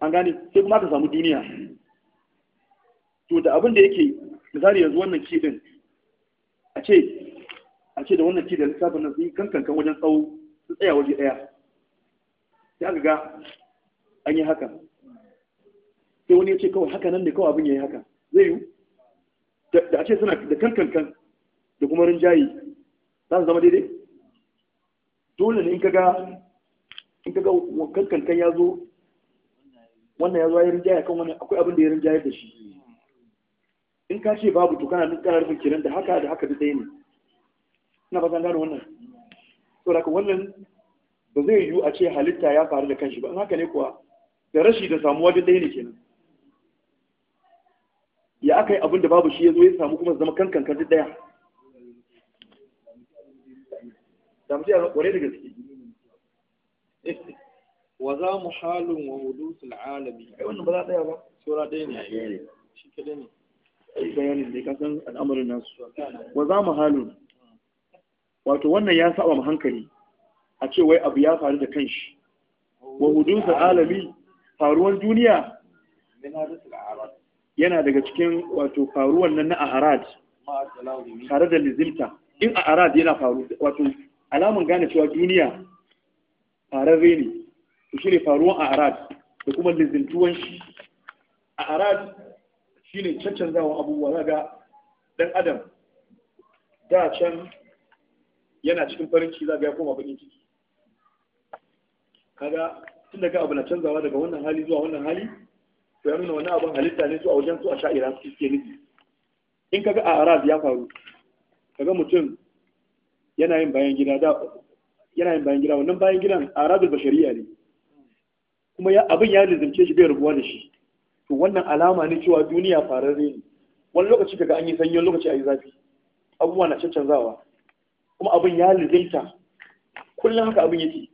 an gane sai kuma ka samu duniya to da abin da yake misali yanzu wannan ke a ce a ce da wannan ci da lissafin nan sun yi kankankan wajen tsawo sun tsaya waje daya sai aka ga an yi haka sai wani ya ce kawai haka nan ne kawai abin ya yi haka zai yi da a ce suna da kankankan da kuma rinjaye za su zama daidai dole ne in kaga in kaga kankankan ya zo wannan ya zo ya rinjaye kan wani akwai abin da ya rinjaye da shi in ka ce babu to kana duk nufin kenan da haka da haka da ɗaya ne ina fatan gano wannan to da wannan ba zai yiwu a ce halitta ya faru da kanshi ba in haka ne kuwa da rashi da samuwa da dai ne kenan ya aka yi abin da babu shi ya zo ya samu kuma zama kankan kan daya? da mutum ya kware da gaske wa za mu halin wa hudusul alami ai wannan ba za ɗaya ba sura ɗaya ne shi kadai ne bayanin da kasan al'amarin nasu wa za mu halun wato wannan ya saba mu hankali a ce wai abu ya faru da kanshi wa hudusul alami faruwan duniya yana daga cikin wato faruwan nan na arad tare da lizimta in aharad yana faru wato alamun gane cewa duniya fararre ne shi ne faruwan arad da kuma lizimtuwan shi aharad shine caccanzawa abubuwa ga dan adam da can yana cikin farin ciki za ga ya koma bakin ciki kaga tun daga abu na canzawa daga wannan hali zuwa wannan hali to ya nuna wani abin halitta ne su a wajen su a sha'ira su ke nufi in kaga a arab ya faru kaga mutum yana yin bayan gida da yana yin bayan gida wannan bayan gidan arabul bashariya ne kuma abin ya lizimce shi bai rubuwa da shi to wannan alama ne cewa duniya fararre ne wani lokaci kaga an yi sanyi wani lokaci a yi zafi abubuwa na cancanzawa kuma abin ya lizinta kullum haka abin yake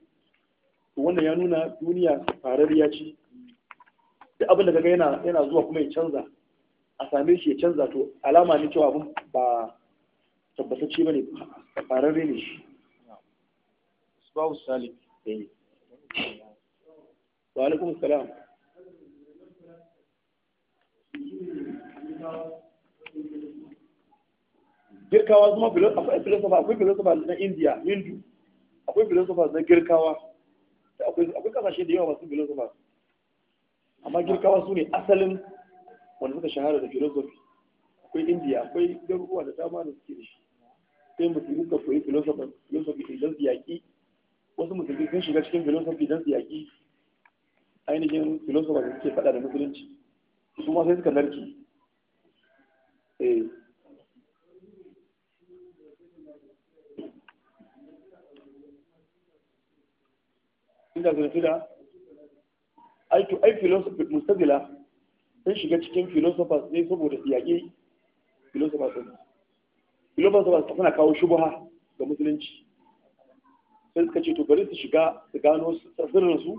to wannan ya nuna duniya fararriya ce duk abin da kaga yana yana zuwa kuma ya canza a same shi ya canza to alama ne cewa abin ba tabbatacce bane fararre ne shi babu salim wa alaikum salam girkawa zama akwai filosofa akwai filosofa na india hindu akwai filosofa na girkawa akwai kasashe da yawa masu filosofa amma girkawa su ne asalin wanda suka shahara da filosofi akwai india akwai garuruwa da dama da suke da shi sai musulmi ka koyi filosofi don su yaƙi wasu musulmi sun shiga cikin filosofi don su yaƙi ainihin filosofa da suke faɗa da musulunci su ma sai suka narki Eh. inda zarfila aitu ai philosophy mustadila sun shiga cikin philosophers ne saboda yaƙi philosophers ne philosophers suna kawo shubuha ga musulunci sai suka ce to bari su shiga su gano sirrin su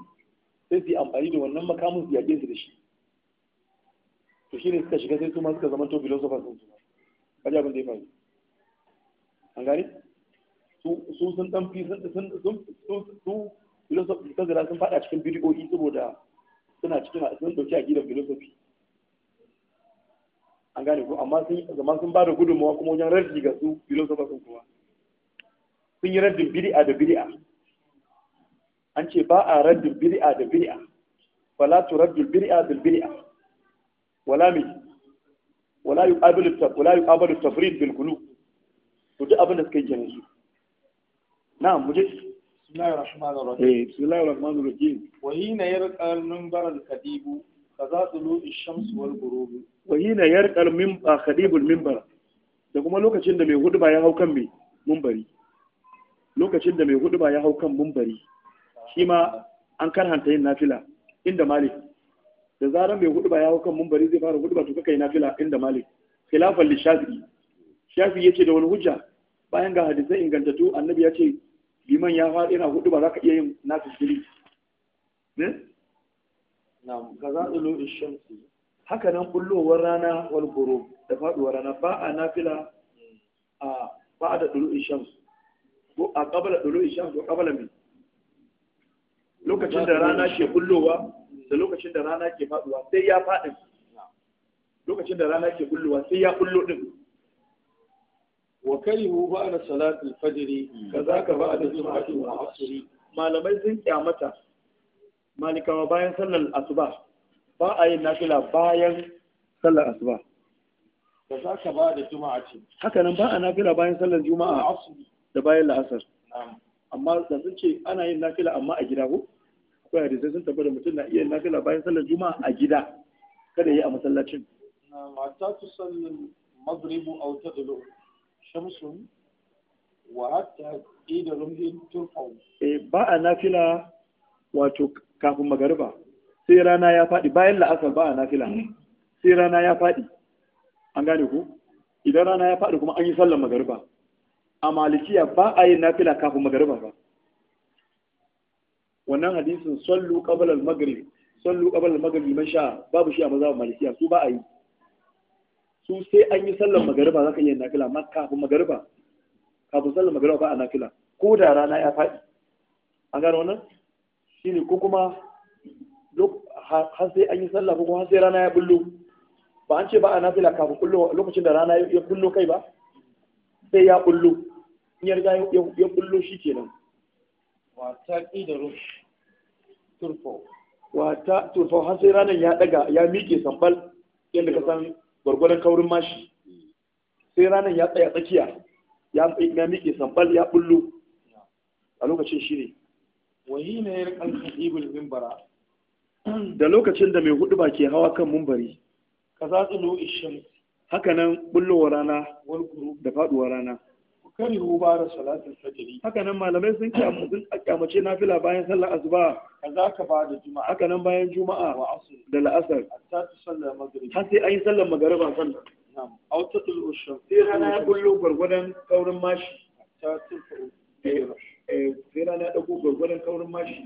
sai su yi amfani da wannan makamin su su da shi to shi ne suka shiga sai su ma suka zama to philosophers sun su kaji abin da ya faru an gani su sun dan fi sun sun su philosophy ta zira sun fada cikin bidiyoyi saboda suna cikin sun dauki aqidar philosophy an gane ko amma sun zama sun bada gudunmawa kuma wajen raddi ga su philosophers sun kuma sun yi raddin bid'a da bid'a an ce ba a raddin bid'a da bid'a fala turaddu bid'a bil bid'a wala mi wala yuqabilu wala yuqabilu tafrid bil qulub abin da suka yi kenan su muje eh bismillahir rahmanir wa hina yarqal minbar al qadibu kaza tulu ash-shams wal ah, da kuma lokacin da mai hudba ya hau kan mai mumbari lokacin da mai hudba ya hau kan mumbari shi ma an karhanta yin nafila inda malik da zarar mai hudu ba ya kan mumbari zai fara hudu ba to kai na nafila inda malik khilafan lishafi shafi yace da wani hujja bayan ga hadisai ingantattu annabi ya ce liman ya fara ina hudu ba za ka iya yin nafil ne na'am ishamsi haka nan bullowar rana wal guru da faduwar rana ba a nafila a ba da dulu ishams ko a qabla dulu ishams ko qabla min lokacin da rana ke bullowa da lokacin da rana ke faduwa sai ya faɗin lokacin da rana ke kulluwa sai ya bullo din wa karihu ba'da salatul fajr kazaka ba'da jum'ati wa asri malamai sun kyamata malikawa bayan sallar asuba ba a yin nafila bayan sallar asuba kazaka ba'da jum'ati haka nan ba a nafila bayan sallar juma'a da bayan la'asar amma da sun ce ana yin nafila amma a gida ko akwai hadisai sun tabbata mutum na iya nafila bayan sallar juma'a a gida kada yi a masallacin hatta tu sallin magribu aw tadlu shamsun wa hatta ida rumhin turqaw eh ba a nafila wato kafin magariba sai rana ya faɗi bayan la'asar ba a nafila sai rana ya faɗi an gane ku idan rana ya faɗi kuma an yi sallar magariba a malikiya ba a yi nafila kafin magariba ba wannan hadisin sallu qabla al-maghrib sallu qabla al-maghrib man sha babu shi a mazhabin malikiya su ba a yi su sai an yi sallar magariba zaka yi nafila amma kafin magariba kafin sallar magariba ba a nakila. ko da rana ya faɗi an gano wannan shine ko kuma har sai an yi sallah ko har sai rana ya bullo ba an ce ba a nafila kafin kullo lokacin da rana ya bullo kai ba sai ya bullo in ya riga ya bullo shi kenan wata da rush turfo wata turfo har sai ranar ya daga ya miƙe sambal yadda ka san gwargwadon kaurin mashi sai ranar ya tsaya tsakiya ya miƙe sambal ya bullo a lokacin shi ne wahi na yin alkhatibul mimbara da lokacin da mai hudu ba ke hawa kan mumbari ka za tsilo ishin haka nan bullowar rana da faduwar rana karihu ba da salatin fajiri haka nan malamai sun kyamu a kyamace nafila bayan sallar asuba za ka ba da juma'a haka nan bayan juma'a wa asr da la'asar hatta sallar maghrib har sai ayi sallar magariba sallar na'am aw tatul ushur sai rana ya bullo gwargwadon kaurin mashi hatta eh, eh, sai rana ya dago gwargwadon kaurin mashi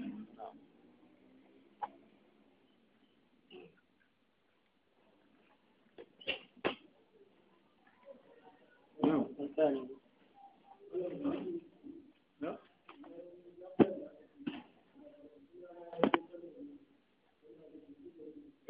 Thank you.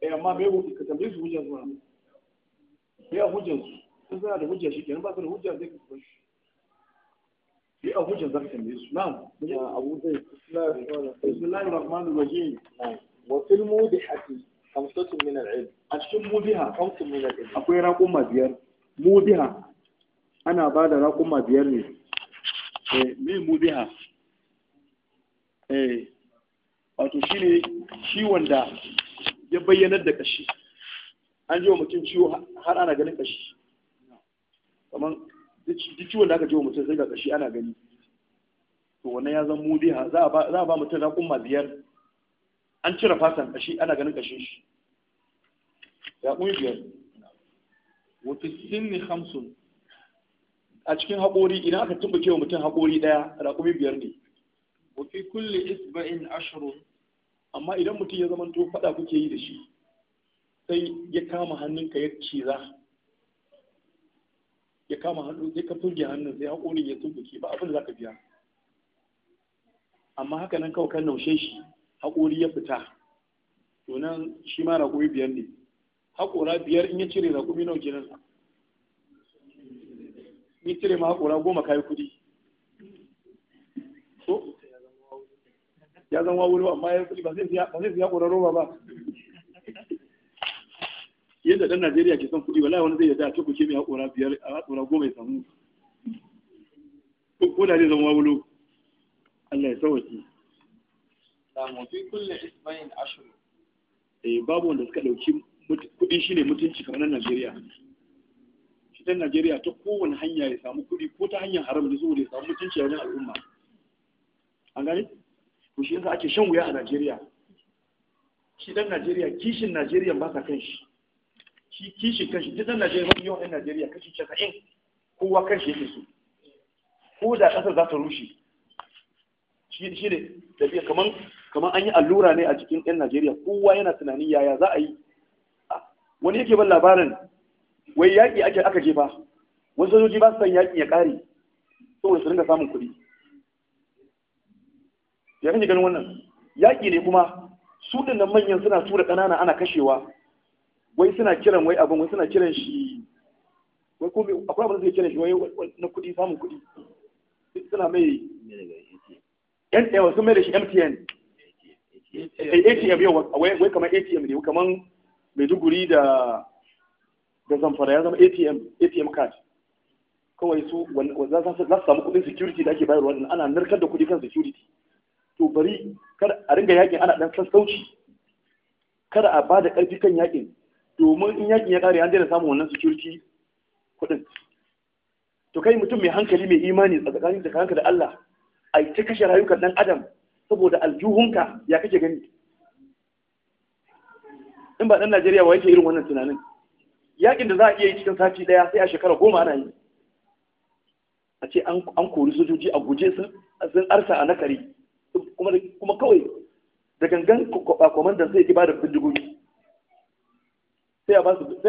eh amma me ka tambaye su hujjar zuwa me a hujjar su in suna da hujja shi kenan ba su da hujja zai kasu shi shi a hujjar za ka tambaye su na ya abu zai bismillahir rahmanir rahim wa fil mudihati khamsatun min al-ilm a cikin mudiha khamsatun min al-ilm akwai raƙuma biyar mudiha ana ba da raƙuma biyar ne eh, me mudiha eh wato ne shi wanda ya bayyanar da kashi an ji wa mutum ciwo har ana ganin kashi kamar duk ciwon da aka ji wa mutum sai ga kashi ana gani to wannan ya zama ha za a ba mutum ma biyar an cire fatan kashi ana ganin kashin shi raƙumi biyar wafi sinni hamsun a cikin haƙori idan aka tumbuke wa mutum haƙori ɗaya raƙumi biyar ne wafi kulle isba'in ashirin amma idan mutum ya zama to faɗa kuke yi da shi sai ya kama hannunka ya ciza ya kama hannu sai ka turge hannun sai haƙorin ya tumbuke ba abin da za ka biya amma haka nan kawai kan naushe shi haƙori ya fita to nan shi ma raƙumi biyar ne haƙora biyar in ya cire raƙumi nawa kenan ya cire ma haƙora goma kayi kuɗi ya zama wuri amma ya ba zai siya ƙorar roba ba yadda ɗan Najeriya ke son kuɗi wallahi wani zai yarda a cikin kuke mai haƙora biyar a haƙora goma ya samu ko da zai zama wawulo Allah ya sauwaki kulle ashiru eh babu wanda suka ɗauki kuɗi shine mutunci kamar nan Najeriya shi ɗan Najeriya ta kowane hanya ya samu kuɗi ko ta hanyar haram da saboda ya samu mutunci a wajen al'umma an gane to shi yasa ake shan wuya a Najeriya shi dan Najeriya kishin Najeriya ba sa kanshi. shi kishin kanshi shi dan Najeriya ba yau ɗan Najeriya kashi casa'in kowa kanshi yake so ko da ƙasar za ta rushe shi ne biya kaman kaman an yi allura ne a cikin ɗan Najeriya kowa yana tunanin yaya za a yi wani yake ban labarin wai yaƙi ake aka jefa wasu sojoji ba su san yaƙi ya ƙare saboda su dinga samun kuɗi ya kake ganin wannan yaƙi ne kuma su dinnan manyan suna tura ƙanana ana kashewa wai suna kiran wai abin wai suna kiran shi wai ko akwai abin da suke kiran shi wai na kuɗi samun kuɗi suna mai yan ɗaya eh, sun mai da shi MTN eh, ATM yau wai kamar ATM ne kamar Maiduguri da da zamfara ya zama ATM ATM card kawai su za su samu kuɗin security da ake bayarwa ana narkar da kuɗi kan security to bari kar a ringa yakin ana dan sassauci Kar a ba da ƙarfi kan yakin domin in yakin ya kare an daina samun wannan security kuɗin to kai mutum mai hankali mai imani a tsakanin da kanka da Allah a yi ta kashe rayukan ɗan adam saboda aljuhunka ya kake gani in ba ɗan Najeriya wa yake irin wannan tunanin yakin da za a iya yi cikin sati ɗaya sai a shekara goma ana yi a ce an kori sojoji a guje sun arsa a nakari kuma kawai da gangan kwamandan sai ke ba da bindigogi sai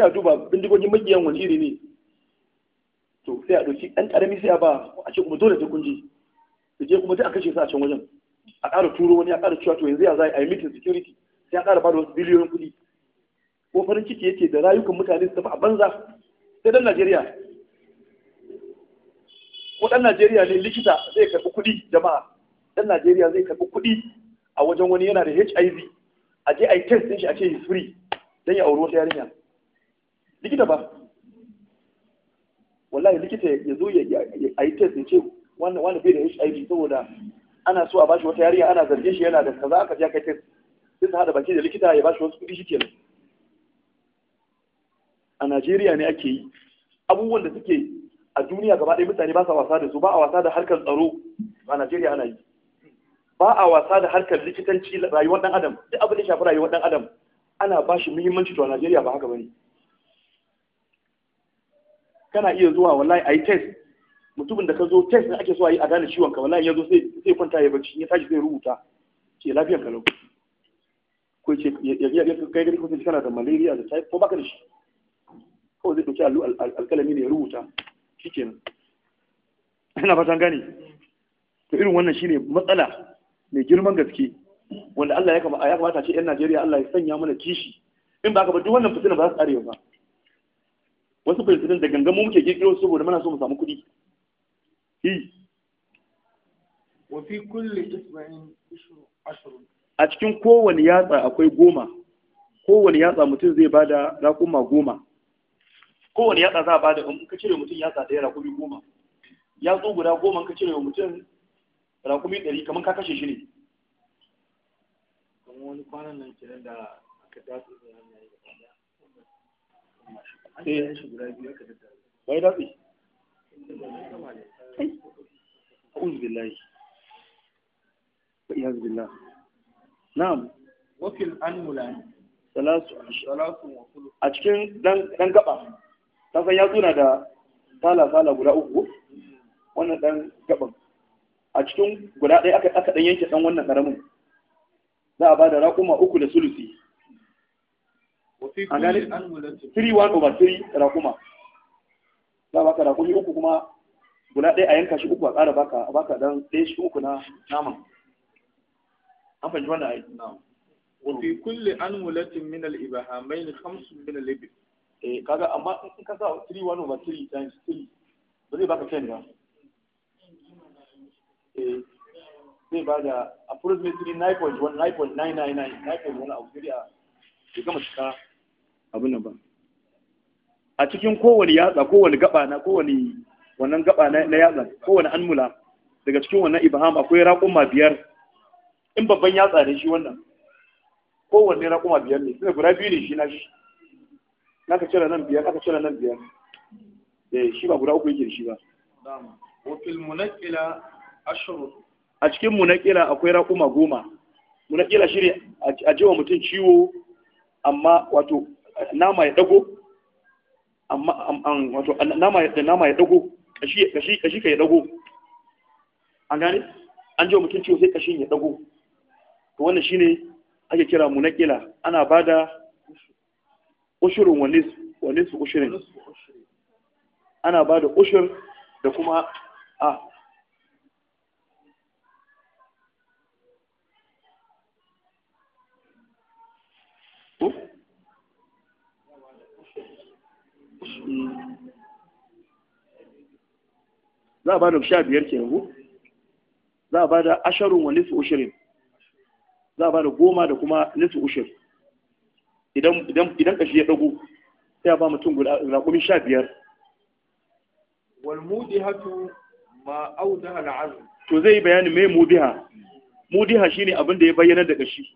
a duba bindigogin magiyan wani iri ne to sai a ɗauki ɗan ƙarami sai a ba a ce kuma dole ta kunji da je kuma ta a kashe su a can wajen a ƙara turo wani a ƙara cewa to yanzu ya za a yi mitin security sai a ƙara ba da wasu biliyoyin kuɗi ko farin ciki yake da rayukan mutane su tafi a banza sai dan Najeriya ko dan Najeriya ne likita zai karɓi kuɗi jama'a dan Najeriya zai karɓi kuɗi a wajen wani yana da HIV a je a yi test din shi a ce he's free dan ya auri wata yarinya likita ba wallahi likita ya zo a yi test din ce wani bai da HIV saboda ana so a bashi wata yarinya ana zarge shi yana da kaza aka je aka yi test sai su haɗa baki da likita ya bashi wasu kuɗi shi a Najeriya ne ake yi abubuwan da suke a duniya gaba ɗaya mutane ba sa wasa da su ba a wasa da harkar tsaro a Najeriya ana yi ba a wasa da harkar likitanci rayuwar dan adam duk abin da shafi rayuwar dan adam ana ba shi muhimmanci to a Najeriya ba haka bane kana iya zuwa wallahi ayi test mutumin da ka zo test ne ake so ayi a gane ciwon ka wallahi yazo sai sai kwanta ya bacci ya tashi zai rubuta ce lafiyar ka lau ko ce ya ya kai gari ko sai kana da malaria da typhoid ko baka da shi ko zai dauki alkalami ne ya rubuta shikenan ina fatan gane to irin wannan shine matsala mai girman gaske wanda Allah ya kamata ce yan Najeriya Allah ya sanya mana kishi in ba ka duk wannan fitina ba za su tsare ba wasu fitina da gangan mu muke wasu saboda muna so mu samu kuɗi wa fi kulli isba'in ashrun a cikin kowane yatsa akwai goma kowane yatsa mutum zai bada raƙuma goma kowane yatsa za a bada in ka cire mutum yatsa ɗaya raƙumi goma yatsu guda goma ka cire mutum raƙumi ɗari kamar ka kashe shi ne wani kwanan nan kenan da aka tafi da ya gaba ya eh. shi guda biyu aka wai eh. ya zuna da sala sala guda uku mm. wannan ɗan gaban a cikin guda ɗaya aka aka dan yanke dan wannan karamin za a bada raƙuma uku da sulusi a gane three one over three raƙuma za a baka raƙumi uku kuma guda ɗaya a yanka shi uku a ƙara baka a baka dan ɗaya shi uku na naman an fahimci wannan ayi وفي كل أنملة من الإبهامين خمس من الإبل. إيه كذا أما إن كذا 3 1 over 3 times 3 zai بقى كام ده؟ Eh, zai ba da approximately 9.999 abu a ya gama cika abin nan ba a cikin kowane yatsa kowane gaba na kowane wannan gaba na yatsa kowane anmula daga cikin wannan ibham akwai raƙuma biyar in babban yatsa ne shi wannan kowanne raƙuma biyar ne suna guda biyu ne shi na shi na ka cire nan biyar aka cire nan biyar eh shi ba guda uku yake da shi ba wafil munakila a cikin munakila akwai raƙuma goma munakila shi ne a jiwa mutum ciwo amma wato nama ya dago amma wato nama ya dago kashi ka ya dago an gane an jiwa mutum ciwo sai kashin ya dago to wannan shine ake kira munakila ana bada ushurin wani wanis ushurin ana bada ushur da kuma a ah, za a ba da sha biyar ke ragu za a ba da asharun wa nufi ushirin za a ba da goma da kuma nufi ushir idan kashi ya dago sai a ba mutum guda rakumi sha biyar hatu ma audaha al'azu to zai bayani mai mudiha mudiha shine ne abinda ya bayyana da kashi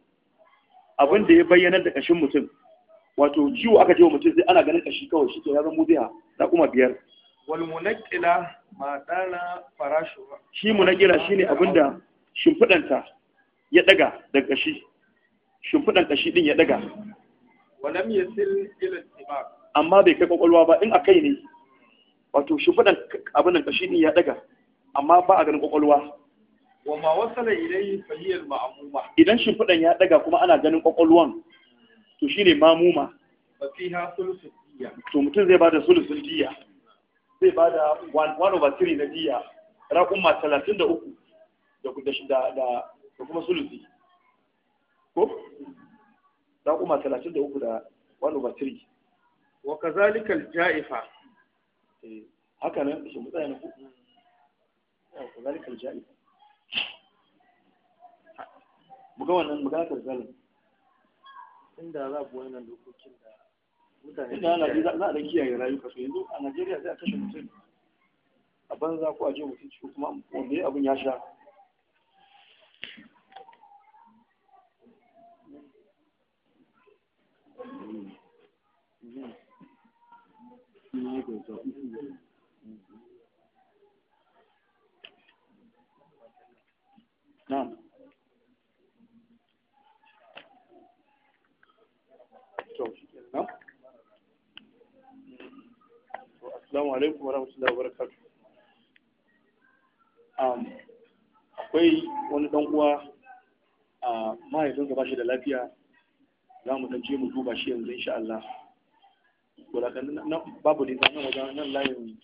Abinda ya bayyana da kashin mutum wato ciwo aka ce wa mutum sai ana ganin kashi kawai shi ke ya zama zai na kuma biyar wal munaqila ma dana farashu shi munaqila shine abinda shimfidanta ya daga da kashi shimfidan kashi din ya daga walam yasil ila tibaq amma bai kai kwakwalwa ba in akai ne wato shimfidan abin nan kashi din ya daga amma ba a ganin kwakwalwa wa ma wasala ilayhi fahiyal ma'muma idan shimfidan ya daga kuma ana ganin kwakwalwan to shine mamuma to mutum zai bada sulusun diya zai bada wano over three na diya rakuma talatin da uku da kuma sulusi ko rakuma talatin da uku da wano over three wa kazalika ja'ifa eh, haka nan su mutsaya na kuɗi wa kazalika ja'ifa muga wannan muga kazalika inda za ku wannan dokokin da mutane da Allah za a da kiyaye rayuka su yanzu a Najeriya sai a kashe mutum a banza ko a je mutum ciwo kuma wanda abin ya sha نعم Assalamu alaikum wa rahmatullahi wa barakatuh. Um, akwai wani dan uwa a mahaifinsa ba shi da lafiya za mu je mu duba shi yanzu insha Allah. Wala kan Babu ne nan wajen nan layin